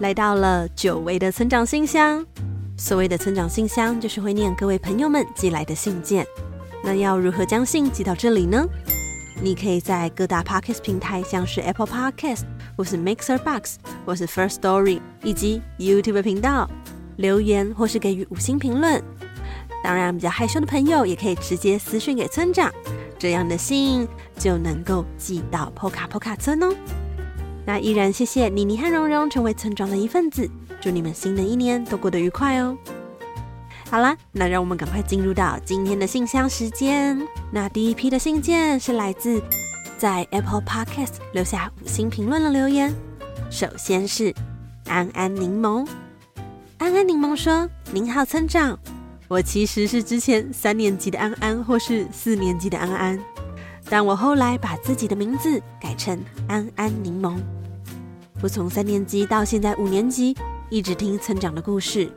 來到了久違的村長信箱。所謂的村長信箱，就是會念各位朋友們寄來的信件。那要如何將信寄到這裡呢？你可以在各大 Podcast 平台，像是 Apple Podcast，或是 Mixer Box，或是 First Story，以及 YouTube 頻道留言，或是給予五星評論。當然，比較害羞的朋友也可以直接私訊給村長，這樣的信就能夠寄到 Pocapoca 村哦。那依然謝謝霓霓和融融成為村莊的一份子，祝你們新的一年都過得愉快哦！好啦，那讓我們趕快進入到今天的信箱時間。那第一批的信件是來自在 Apple Podcast 留下五星評論的留言。首先是安安檸檬，安安檸檬說：“您好，村長，我其實是之前三年級的安安，或是四年級的安安。”但我後來把自己的名字改成安安檸檬。我從三年級到現在五年級，一直聽村長的故事，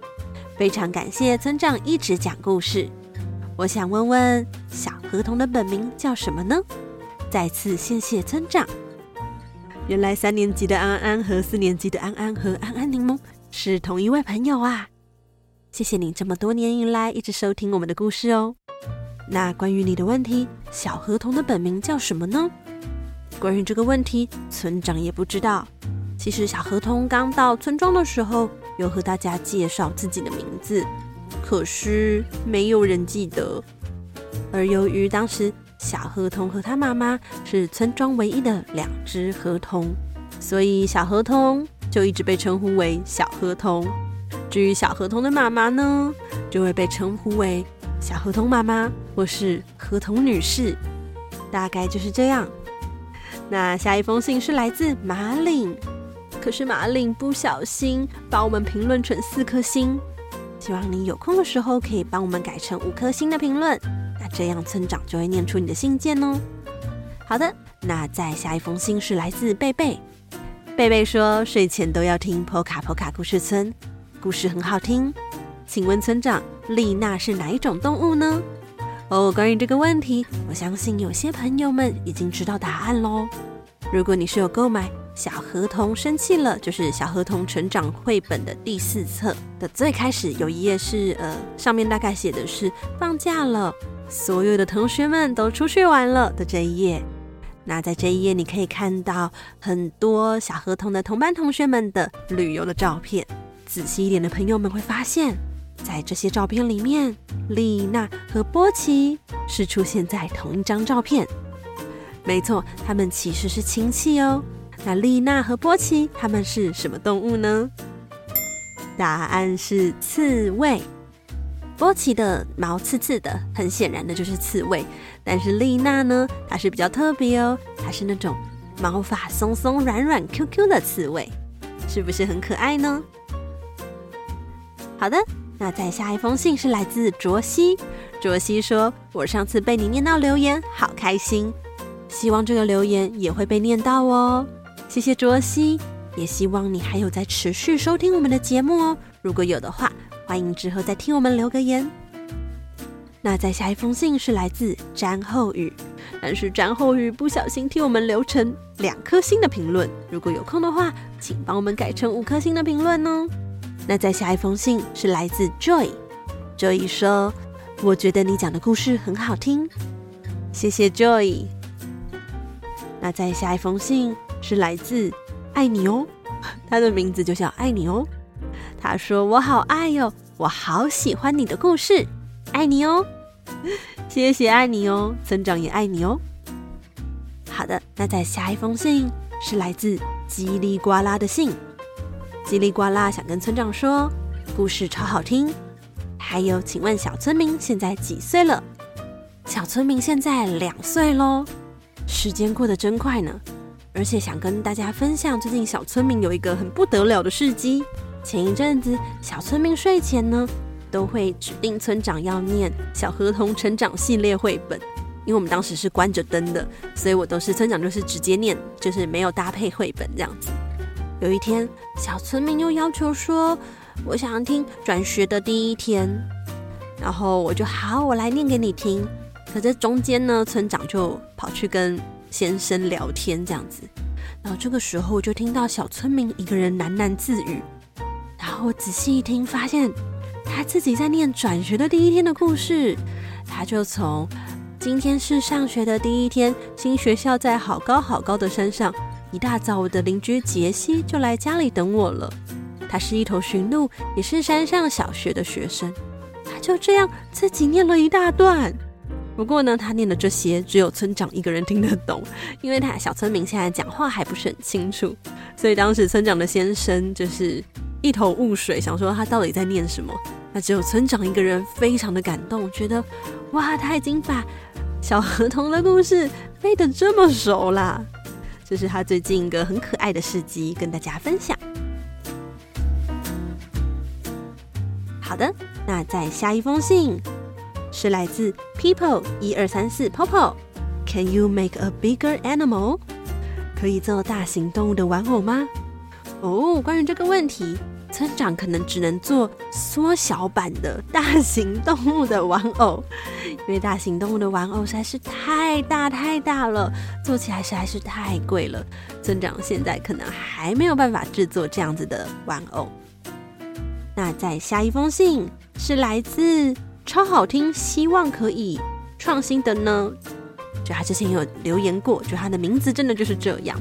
非常感謝村長一直講故事。我想問問小河童的本名叫什麼呢？再次謝謝村長。原來三年級的安安和四年級的安安和安安檸檬是同一位朋友啊！謝謝你這麼多年以來一直收聽我們的故事哦。那關於你的問題，小河童的本名叫什麼呢？關於這個問題，村長也不知道。其實小河童剛到村莊的時候，有和大家介紹自己的名字，可是沒有人記得。而由於當時小河童和他媽媽是村莊唯一的兩隻河童，所以小河童就一直被稱呼為小河童。至於小河童的媽媽呢，就會被稱呼為。小河童媽媽，我是河童女士，大概就是這樣。那下一封信是來自馬嶺，可是馬嶺不小心把我們評論成四顆星，希望你有空的時候可以幫我們改成五顆星的評論，那這樣村長就會念出你的信件哦。好的，那再下一封信是來自貝貝，貝貝說睡前都要聽 Pocapoca 故事村，故事很好聽。請問村長，麗娜是哪一種動物呢？哦，關於這個問題，我相信有些朋友們已經知道答案嘍。如果你是有購買《小河童生氣了》，就是《小河童成長繪本》的第四冊的最開始有一頁是呃，上面大概寫的是放假了，所有的同學們都出去玩了的這一頁。那在這一頁你可以看到很多小河童的同班同學們的旅遊的照片。仔細一點的朋友們會發現。在這些照片裡面，麗娜和波奇是出現在同一張照片。沒錯，他們其實是親戚哦。那麗娜和波奇他們是什麼動物呢？答案是刺蝟。波奇的毛刺刺的，很顯然的就是刺蝟。但是麗娜呢，它是比較特別哦，它是那種毛髮鬆鬆軟軟、QQ 的刺蝟，是不是很可愛呢？好的。那再下一封信是來自卓希，卓希說：“我上次被你念到留言，好開心，希望這個留言也會被念到哦。”謝謝卓希，也希望你還有在持續收聽我們的節目哦。如果有的話，歡迎之後再聽我們留個言。那再下一封信是來自詹後宇，但是詹後宇不小心替我們留成兩顆星的評論，如果有空的話，請幫我們改成五顆星的評論哦。那在下一封信是來自 Joy，Joy Joy 說：“我覺得你講的故事很好聽，謝謝 Joy。”那在下一封信是來自愛你喔，他的名字就叫愛你喔。他說：“我好愛喲、哦，我好喜歡你的故事，愛你哦， 謝謝愛你喔，村長也愛你哦。”好的，那在下一封信是來自嘰裡呱啦的信。嘰里呱啦，想跟村長說，故事超好聽。還有，請問小村民現在幾歲了？小村民現在兩歲嘍。時間過得真快呢。而且想跟大家分享，最近小村民有一個很不得了的事蹟。前一陣子，小村民睡前呢，都會指定村長要念《小河童成長系列》繪本。因為我們當時是關着燈的，所以我都是村長就是直接念，就是沒有搭配繪本這樣子。有一天，小村民又要求說：“我想聽轉學的第一天。”然後我就好，我來念給你聽。可這中間呢，村長就跑去跟先生聊天，這樣子。然後這個時候就聽到小村民一個人喃喃自語。然後我仔細一聽，發現他自己在念轉學的第一天的故事。他就從今天是上學的第一天，新學校在好高好高的山上。一大早，我的鄰居杰西就來家裡等我了。他是一頭馴鹿，也是山上小學的學生。他就這樣自己念了一大段。不過呢，他念的這些只有村長一個人聽得懂，因為他小村民現在講話還不是很清楚。所以當時村長的先生就是一頭霧水，想說他到底在念什麼。那只有村長一個人非常的感動，覺得哇，他已經把小河童的故事背得這麼熟啦。這是他最近一個很可愛的事蹟，跟大家分享。好的，那再下一封信是來自 People 1234 Popo，Can you make a bigger animal？可以做大型動物的玩偶嗎？哦，關於這個問題，村長可能只能做縮小版的大型動物的玩偶。因為大型動物的玩偶實在是太大太大了，做起來實在是太貴了。村長現在可能還沒有辦法制作這樣子的玩偶。那再下一封信是來自超好聽，希望可以創新的呢？就他之前有留言過，就他的名字真的就是這樣。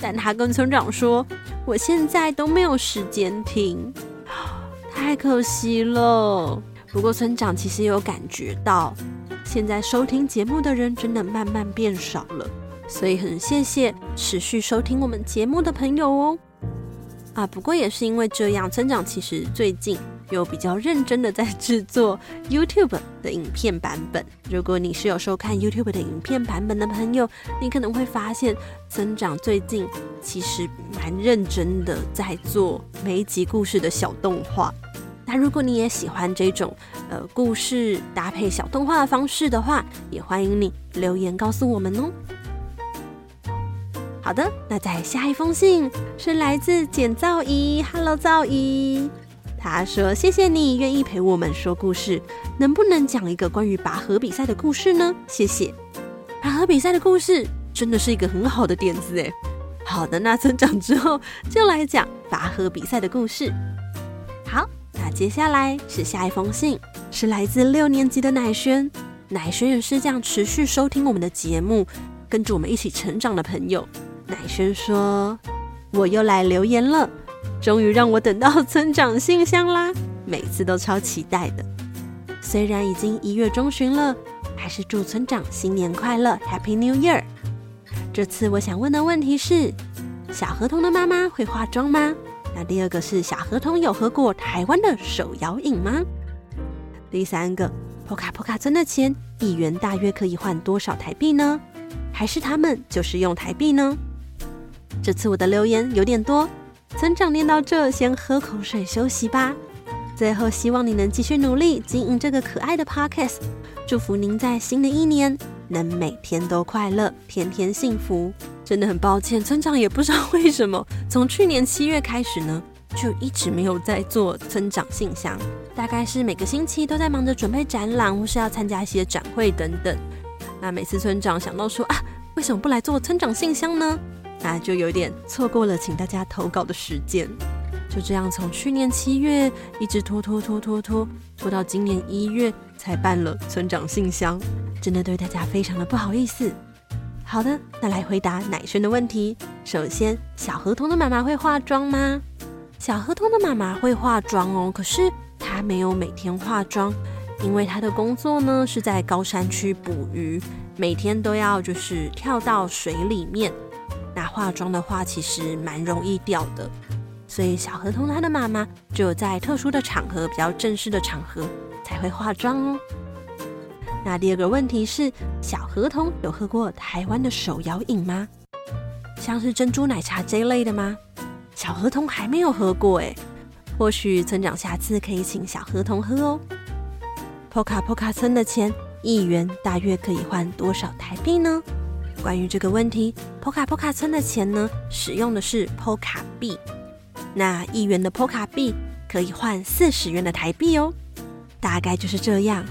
但他跟村長說：“我現在都沒有時間聽，太可惜了。”不過村長其實有感覺到。現在收聽節目的人真的慢慢變少了，所以很謝謝持續收聽我們節目的朋友哦。啊，不過也是因為這樣，村長其實最近有比較認真的在製作 YouTube 的影片版本。如果你是有收看 YouTube 的影片版本的朋友，你可能會發現村長最近其實蠻認真的在做每一集故事的小動畫。那如果你也喜歡這種呃故事搭配小動畫的方式的話，也歡迎你留言告訴我們哦。好的，那在下一封信是來自簡造儀。哈嘍，造儀他說，謝謝你願意陪我們說故事，能不能講一個關於拔河比賽的故事呢？謝謝，拔河比賽的故事真的是一個很好的點子誒。好的，那村長之後就來講拔河比賽的故事。接下來是下一封信，是來自六年級的乃瑄。乃瑄也是這樣持續收聽我們的節目，跟着我們一起成長的朋友。乃瑄說：“我又來留言了，終於讓我等到村長信箱啦！每次都超期待的。雖然已經一月中旬了，還是祝村長新年快樂，Happy New Year。這次我想問的問題是：小河童的媽媽會化妝嗎？”那第二個是小合同有喝過台灣的手搖飲嗎？第三個，普卡普卡真的錢一元大約可以換多少台幣呢？還是他們就是用台幣呢？這次我的留言有點多，村長念到這，先喝口水休息吧。最後希望你能繼續努力經營這個可愛的 p o r c a s t 祝福您在新的一年能每天都快樂，天天幸福。真的很抱歉，村長也不知道為什麼。從去年七月開始呢，就一直沒有在做村長信箱，大概是每個星期都在忙着準備展覽或是要參加一些展會等等。那每次村長想到說啊，為什麼不來做村長信箱呢？那就有點錯過了請大家投稿的時間。就這樣從去年七月一直拖拖拖拖拖拖到今年一月才辦了村長信箱，真的對大家非常的不好意思。好的，那來回答乃瑄的問題。首先，小河童的媽媽會化妝嗎？小河童的媽媽會化妝哦，可是她沒有每天化妝，因為她的工作呢是在高山區捕魚，每天都要就是跳到水裡面。那化妝的話，其實蠻容易掉的，所以小河童他的媽媽只有在特殊的場合，比較正式的場合才會化妝哦。那第二個問題是，小河童有喝過台灣的手搖飲嗎？像是珍珠奶茶這類的嗎？小河童還沒有喝過哎，或許村長下次可以請小河童喝哦。Pocapoca 村的錢一元大約可以換多少台幣呢？關於這個問題，Pocapoca 村的錢呢，使用的是 Poca 幣，那一元的 Poca 幣可以換四十元的台幣哦，大概就是這樣。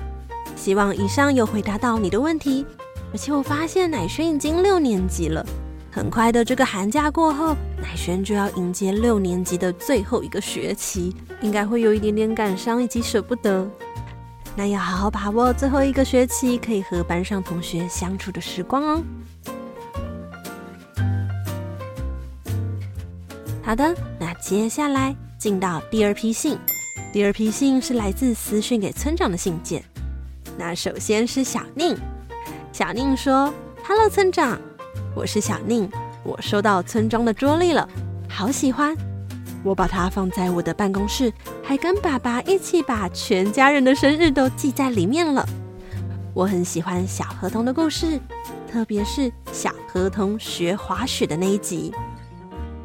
希望以上有回答到你的問題，而且我發現乃瑄已經六年級了。很快的，這個寒假過後，乃瑄就要迎接六年級的最後一個學期，應該會有一點點感傷以及捨不得。那要好好把握最後一個學期可以和班上同學相處的時光哦。好的，那接下來進到第二批信，第二批信是來自私訊給村長的信件。那首先是小甯，小甯說哈嘍，村長。”我是小寧，我收到村莊的桌曆了，好喜歡，我把它放在我的辦公室，還跟爸爸一起把全家人的生日都記在裡面了。我很喜歡小河童的故事，特別是小河童學滑雪的那一集。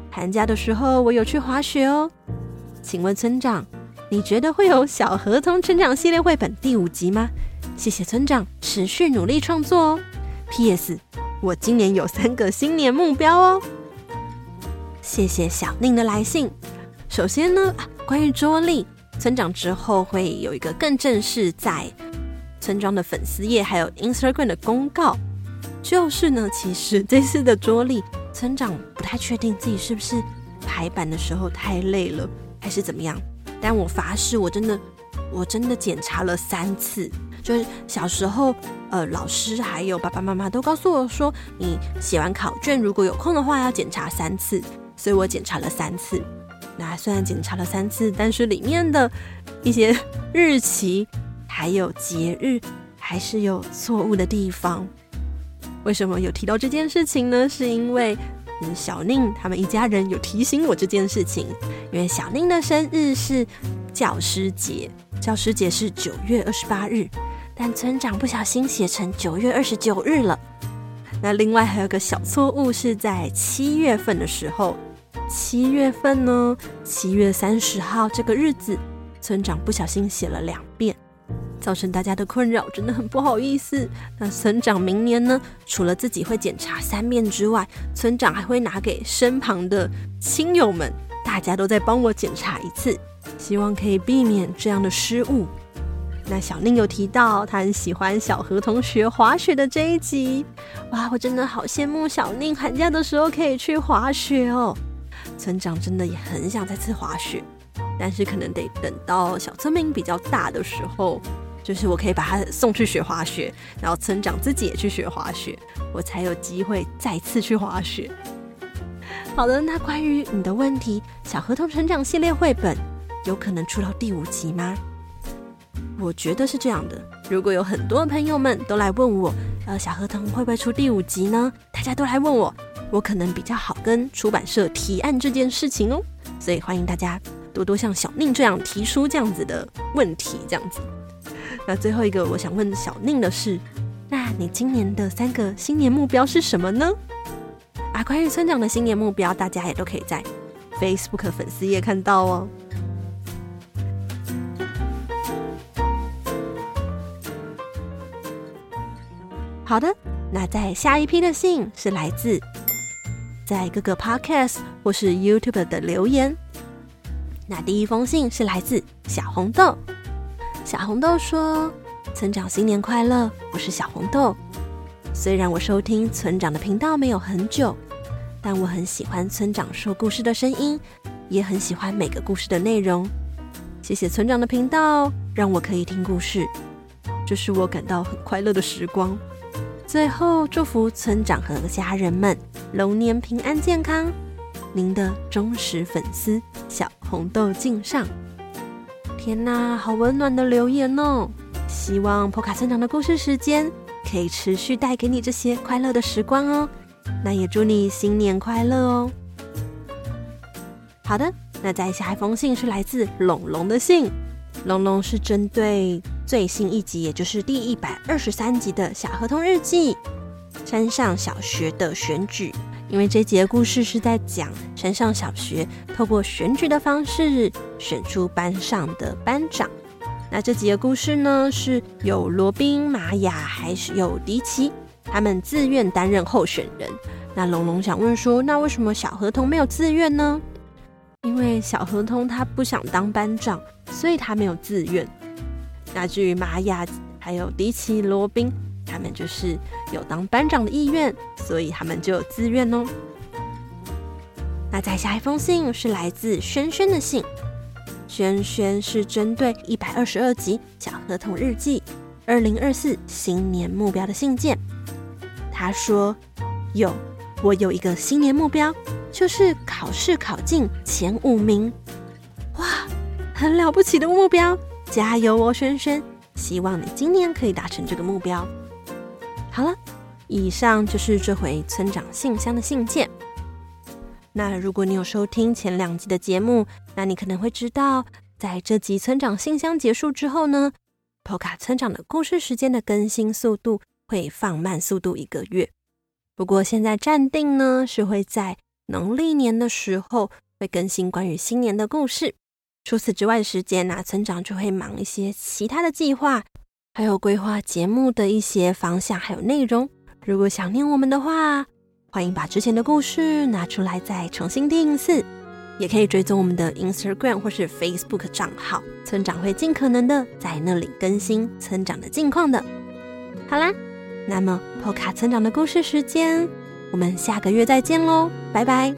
寒假的時候我有去滑雪哦。請問村長，你覺得會有小河童成長系列繪本第五集嗎？謝謝村長持續努力創作哦。P.S. 我今年有三個新年目標哦，謝謝小甯的來信。首先呢，關於桌曆村長之後會有一個更正式在村莊的粉絲頁還有 Instagram 的公告，就是呢，其實這次的桌曆村長不太確定自己是不是排版的時候太累了還是怎麼樣，但我發誓，我真的我真的檢查了三次，就是小時候。呃，老師還有爸爸媽媽都告訴我說，你寫完考卷，如果有空的話要檢查三次，所以我檢查了三次。那雖然檢查了三次，但是裡面的一些日期還有節日還是有錯誤的地方。為什麼有提到這件事情呢？是因為，嗯，小甯他們一家人有提醒我這件事情，因為小甯的生日是教師節，教師節是九月二十八日。但村長不小心寫成九月二十九日了。那另外還有一個小錯誤是在七月份的時候，七月份呢，七月三十號這個日子，村長不小心寫了兩遍，造成大家的困擾，真的很不好意思。那村長明年呢，除了自己會檢查三遍之外，村長還會拿給身旁的親友們，大家都在幫我檢查一次，希望可以避免這樣的失誤。那小甯有提到，他很喜歡小河童學滑雪的這一集，哇，我真的好羨慕小甯寒假的時候可以去滑雪哦。村長真的也很想再次滑雪，但是可能得等到小村民比較大的時候，就是我可以把他送去學滑雪，然後村長自己也去學滑雪，我才有機會再次去滑雪。好的，那關於你的問題，小河童成長系列繪本有可能出到第五集嗎？我覺得是這樣的，如果有很多朋友們都來問我，呃，小河騰會不會出第五集呢？大家都來問我，我可能比較好跟出版社提案這件事情哦，所以歡迎大家多多像小寧這樣提出這樣子的問題，這樣子。那最後一個我想問小寧的是，那你今年的三個新年目標是什麼呢？啊，關於村長的新年目標，大家也都可以在 Facebook 粉絲頁看到哦。好的，那在下一批的信是來自在各個 podcast 或是 YouTube 的留言。那第一封信是來自小紅豆，小紅豆說：“村長新年快樂，我是小紅豆。雖然我收聽村長的頻道沒有很久，但我很喜歡村長說故事的聲音，也很喜歡每個故事的內容。謝謝村長的頻道，讓我可以聽故事，這是我感到很快樂的時光。”最後祝福村長和家人們龍年平安健康，您的忠實粉絲小紅豆敬上。天哪，好溫暖的留言哦！希望波卡村長的故事時間可以持續帶給你這些快樂的時光哦。那也祝你新年快樂哦。好的，那再下一封信是來自龍龍的信。龍龍是針對。最新一集，也就是第一百二十三集的《小合同日記》，山上小學的選舉。因為這集的故事是在講山上小學透過選舉的方式選出班上的班長。那這集的故事呢，是有羅賓、瑪雅，還是有迪奇，他們自願擔任候選人。那龍龍想問說，那為什麼小合同沒有自願呢？因為小合同他不想當班長，所以他沒有自願。那至於瑪雅還有迪奇羅賓，他們就是有當班長的意願，所以他們就有自願哦。那再下一封信是來自軒軒的信，軒軒是針對一百二十二集《小河童日記》二零二四新年目標的信件。他說：“有，我有一個新年目標，就是考試考進前五名。哇，很了不起的目標。”加油哦，瑄瑄！希望你今年可以達成這個目標。好了，以上就是這回村長信箱的信件。那如果你有收聽前兩集的節目，那你可能會知道，在這集村長信箱結束之後呢，波卡村長的故事時間的更新速度會放慢速度一個月。不過現在暫定呢，是會在農曆年的時候會更新關於新年的故事。除此之外的時間那、啊、村長就會忙一些其他的計劃，還有規劃節目的一些方向，還有內容。如果想念我們的話，歡迎把之前的故事拿出來再重新聽一次，也可以追蹤我們的 Instagram 或是 Facebook 賬號，村長會盡可能的在那裡更新村長的近況的。好啦，那麼破卡村長的故事時間，我們下個月再見嘍，拜拜。